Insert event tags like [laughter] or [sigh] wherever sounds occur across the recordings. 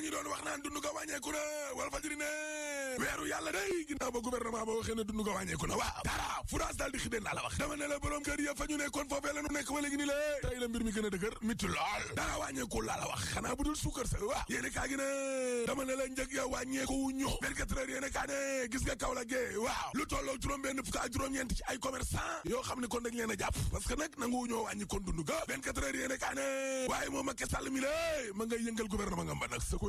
ñi doon ko wàññeeku na wax dama ne la borom kër ya fa ñu nekk ba léegi ni lée mbir mi gën a dëgër mitti lool dara wàññeeku laa la wax xanaa bu suukar sa waaw yéene kaa gi dama ne la ya wàññeeku wuñu vingt-quatre heures yéene kaa gis nga kaw la gee lu tolloo juróom benn fukk ak juróom-ñeent ay commerçant yoo xam ne kon dañ leen a parce que nag nangu ñoo wàññi kon dund ga vingt-quatre heures waaye moom Macky Sall mi ma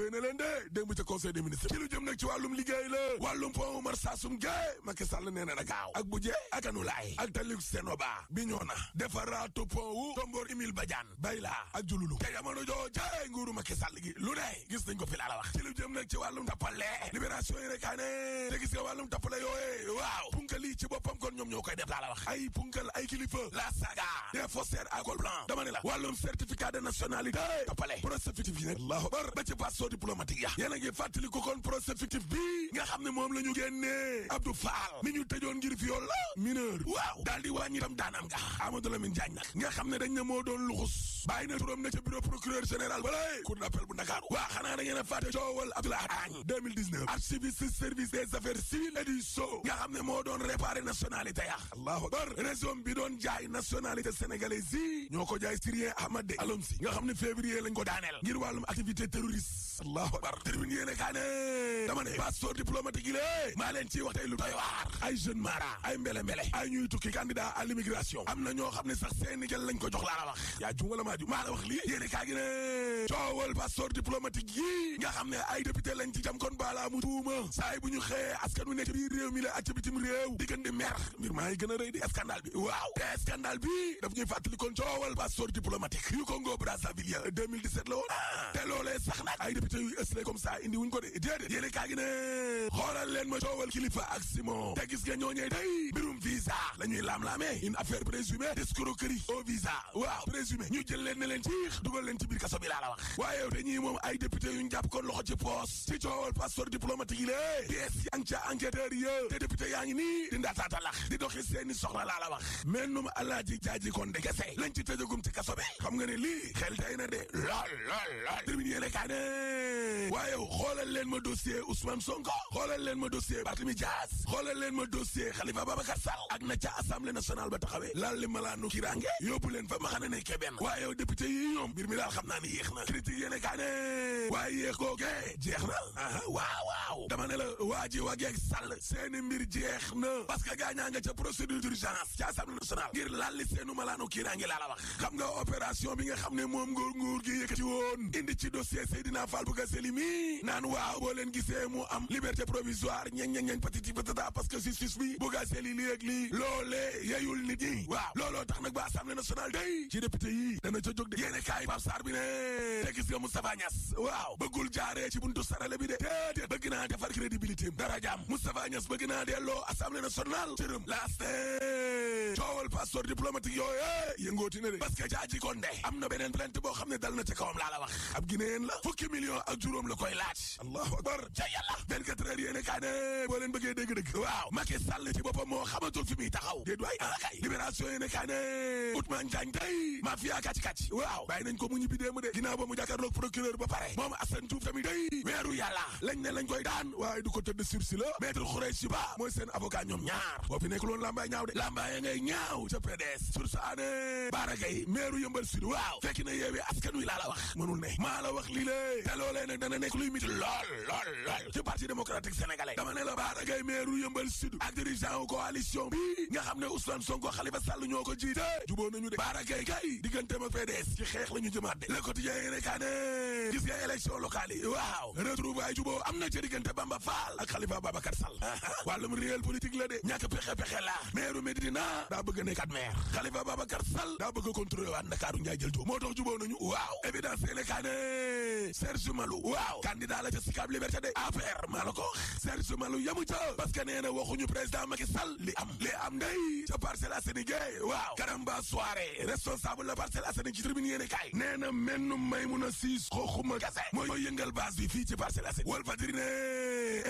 boye ne leen de démb ca conseil des ministres ci lu jëm nag ci wàllum liggéey la wàllum pont Oumar Sassoum Guèye Macky Sall nee na Dakar ak Bujee ak Anulaay ak Taliou Senoba bi ñoo na defaraatu pont wu Tombor Émile Badiane Bayla ak Diouloulou te jamono joo jaay nguuru Macky Sall gi lu ne gis nañ ko fi la wax ci lu jëm nag ci wàllum tappale libération yi rek ane te gis nga wàllum tappale yooye waaw punkal yi ci boppam kon ñoom ñoo koy def laa la wax ay punkal la saga des faussaires à col blanc dama diplomatique ya yéen a ngi ko kon procès fictif bi nga xam ne moom la ñu génnee Abdou Fall mi ñu tëjoon ngir viol la mineur waaw daal di wàññi itam daanam nga Amadou Lamine Diagne nag nga xam ne dañ ne moo doon luxus bàyyi na turam na ca bureau procureur général balay cour d'appel bu Ndakaaru waa xanaa da ngeen a fàtte coowal Abdoulaye Agne 2019 service des affaires civiles et nga xam ne moo doon réparé nationalité ya allahu akbar région bi doon jaay nationalité sénégalaise yi nga xam ne février lañ ko daaneel ngir wàllum activité terroriste allahu akbar termine yéene kaa ne dama ne passeport diplomatique yi lée maa leen ciy wax tey lu doy waar ay jeune mara ay mbele mbele ay ñuy tukki candidat à l'immigration am na ñoo xam ne sax seeni jël lañ ko jox laa la wax yaa jum wala maa ju maa la wax lii yéene kaa gi ne coowal passeport diplomatique yi nga xam ne ay député lañ ci jam kon baalaa mu tuuma saa bu ñu xëyee askan wi ci biir mi la ak ci bitim réew diggante mer mbir maa yi gën a rëy di scandale bi waaw te scandale bi daf ñuy fàttali député yu ësle comme ça indi wuñ ko de déedéet coowal kilifa ak Simon te gis ci biir kaso te député yaa ngi ca di ndaataata lax di doxi seeni soxla laa wax mennum alaaji jaaji kon de kese lañ ci tëjagum ci kaso bi nga ne lii xel day na de lool lool lool waaye xoolal leen ma dossier Ousmane Sonko xoolal leen ma dossier Barthélémy Dias xoolal leen ma dossier ba Babacar Sall ak na ca assemblée nationale ba taxawee laal li malaanu kirange yóbbu leen fa ma xam ne nekke benn waaye député yi ñoom mbir mi daal xam naa ni yéex na critique yéene kaa ne waaye yéex googee jeex na aha waaw waaw dama ne la waa ji wageeg Sall seeni mbir jeex na parce que gaañaa nga ca procédure d'urgence ca assemblée nationale ngir laal li seenu malaanu kirange laa la wax xam nga opération bi nga xam ne moom nguur nguur gi ci dossier Seydina Fall bu ga mi naan waaw boo leen gisee mu am liberté provisoire ñeñ ñeñ ñeñ patiti patata parce que justice bi bugaaseel yi lii ak lii loolee yeyul nit ñi waaw looloo tax nag ba assemblée nationale day ci député yi dana ca jóg de yéene kaay bi ne te gis nga Moustapha Niass waaw bëggul jaaree ci buntu sarale bi de déedéet bëgg naa defar crédibilité dara jaam Moustapha Niass bëgg naa delloo assemblée nationale cërëm last coowal passeport diplomatique yooyu yëngooti moom la koy laaj allahu akbar ca yàlla 24 heures yéene kaa ne boo leen bëggee dégg dëgg waaw Macky Sall ci boppam moo xamatul fi muy taxaw déet waay akay ah libération yéene kaa ne Ousmane Diagne day mafia kàcc kàcc waaw bàyyi nañ ko mu ñibbi démb de ginnaaw ba mu jàkkaarloog procureur ba pare moom Assane Diouf tamit day weeru yàlla lañ ne lañ koy daan waaye du ko tëdd sursis la maître Khoureychi Ba mooy seen avocat ñoom ñaar boo fi nekk loon lambaay ñaaw de na nekk luy mit lool lool lool ci parti démocratique sénégalais dama ne la baara gay meeru yëmbal sud ak dirigeant coalition bi nga xam ne Ousmane Sonko Khalifa Sall ñoo ko jiite juboo nañu de baara gay kay digganteem ak PDS ci xeex la ñu jëmaat de le quotidien yéene kaa ne gis nga élection waaw retrouvaille juboo am na ci Bamba Fall ak Khalifa Babacar Sall [laughs] wàllum réel politique la de ñàkk pexe pexe la meeru Medina daa bëgg nekkat maire Khalifa Babacar Sall daa waaw candidat la ca Sicap Liberté de APR maa la ko wax Serge Malu yamu ca parce que nee na waxuñu président responsable la Parcelles Assainies ci tribune yéene kaay nee na menn Maymuna Siis xooxuma kese mooy yëngal base bi fii ci Parcelles Assainies Walf Fadjri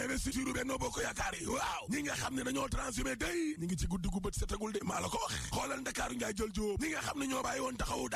investiture Benno Bokk Yaakaar yi waaw ñi nga xam ne dañoo transhumé day ñi ngi ci guddi gu bët sa tagul de maa la ko xoolal Dakar ngay jël Jóob ñi nga xam ne ñoo bàyyi woon taxawu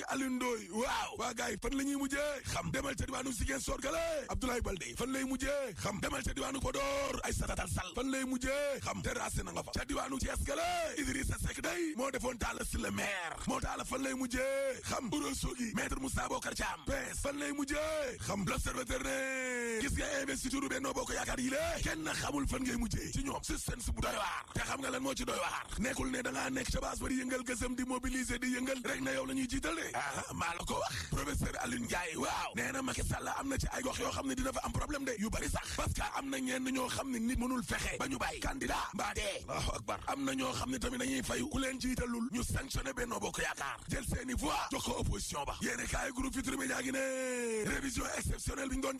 di Alioune Ndoye waaw waa gars yi fan la ñuy mujjee xam demal ca diwaanu Ziguinchor gale Abdoulaye Baldé fan lay mujjee xam demal ca diwaanu Podor Aïssata Tall Sall fan lay mujjee xam terrasse na nga fa ca diwaanu Thiès gale Idrissa Seck day moo defoon Talla Sylla maire moo Talla fan lay mujjee xam Ourossogui maître Moussa Bocar Thiam PS fan lay mujjee xam L'Observateur ne gis nga investiture Benno Bokk Yaakaar yi lé kenn xamul fan ngay mujjee ci ñoom suspense bu da ngaa nekk ca base ba di yëngal gësam di mobiliser di yëngal rek na yow la ah maa la ko wax professeur Alioune Ndiaye waaw nee na Macky Sall am na ci ay gox yoo xam ne dina fa am problème de yu bari sax parce am na ñenn ñoo xam ne nit mënul fexe ba ñu bàyyi candidat mbaa dee allahu akbar am na ñoo xam ne tamit dañuy fayu ku leen jiitalul ñu sanctionné Benno Bokk Yaakaar jël seeni voix jox ko opposition ba yéene kaay groupe Futurs Médias gi ne révision exceptionnelle bi ñu doon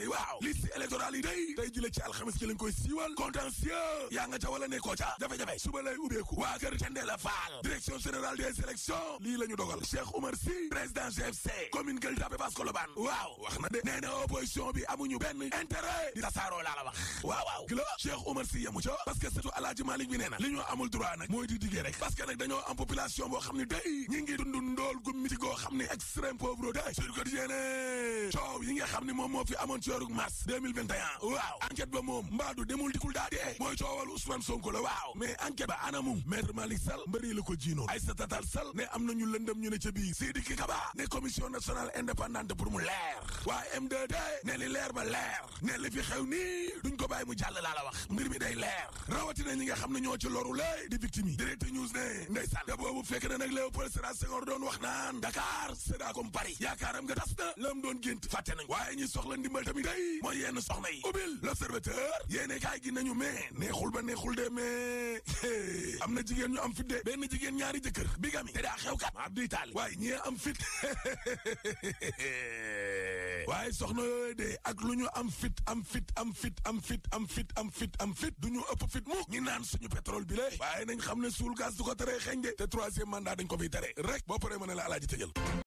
yi waaw liste électorale yi day tey jële ci alxames ci Cheikh Oumar Sy président GFC commune Gueule Tapée Fass Colobane waaw wax na de nee na opposition bi amuñu benn intérêt di tasaaroo laa la wax waaw waaw gila Cheikh Oumar Sy yamu ca parce que surtout Alaaji Malick bi nee li ñoo amul droit nag mooy di diggee rek parce que nag dañoo am population boo xam ne day ñi ngi dund ndool gu miti goo xam ne extrême pauvre day sur quotidien coow yi nga xam ne moom moo fi amoon ci weeru mars waaw enquête ba moom mbaadu demul bi Sidiki Kaba ne commission nationale indépendante pour mu leer waa M2D ne li leer ba leer ne li fi xew nii duñ ko bàyyi mu jàll laa la wax mbir mi day leer rawatina ñi nga xam ne ñoo ci loru lay di victime yi direct news ne ndeysaan te boobu fekk na nag Léopold sera Senghor doon wax naan Dakar c'est comme Paris yaakaaram nga tas na lam doon gént fàtte nañ waaye ñi soxla ndimbal tamit day mooy yenn soxna yi ubbil l'observateur yéene kaay gi nañu mais neexul ba neexul de mais am na jigéen ñu am fidde benn jigéen ñaari jëkkër bigami te daa xew kat abdu itaali waay ñi am fit [laughs] waaye soxna yooyu de ak lu ñu am fit am fit am fit am fit am fit am fit am fit du ñu ëpp fit mu ñi naan suñu pétrole bi lé waaye nañ xam ne suul gaz du ko tere xeñ de te troisième mandat dañ ko fiy tere rek boo paree ma ne la alaaji tëjal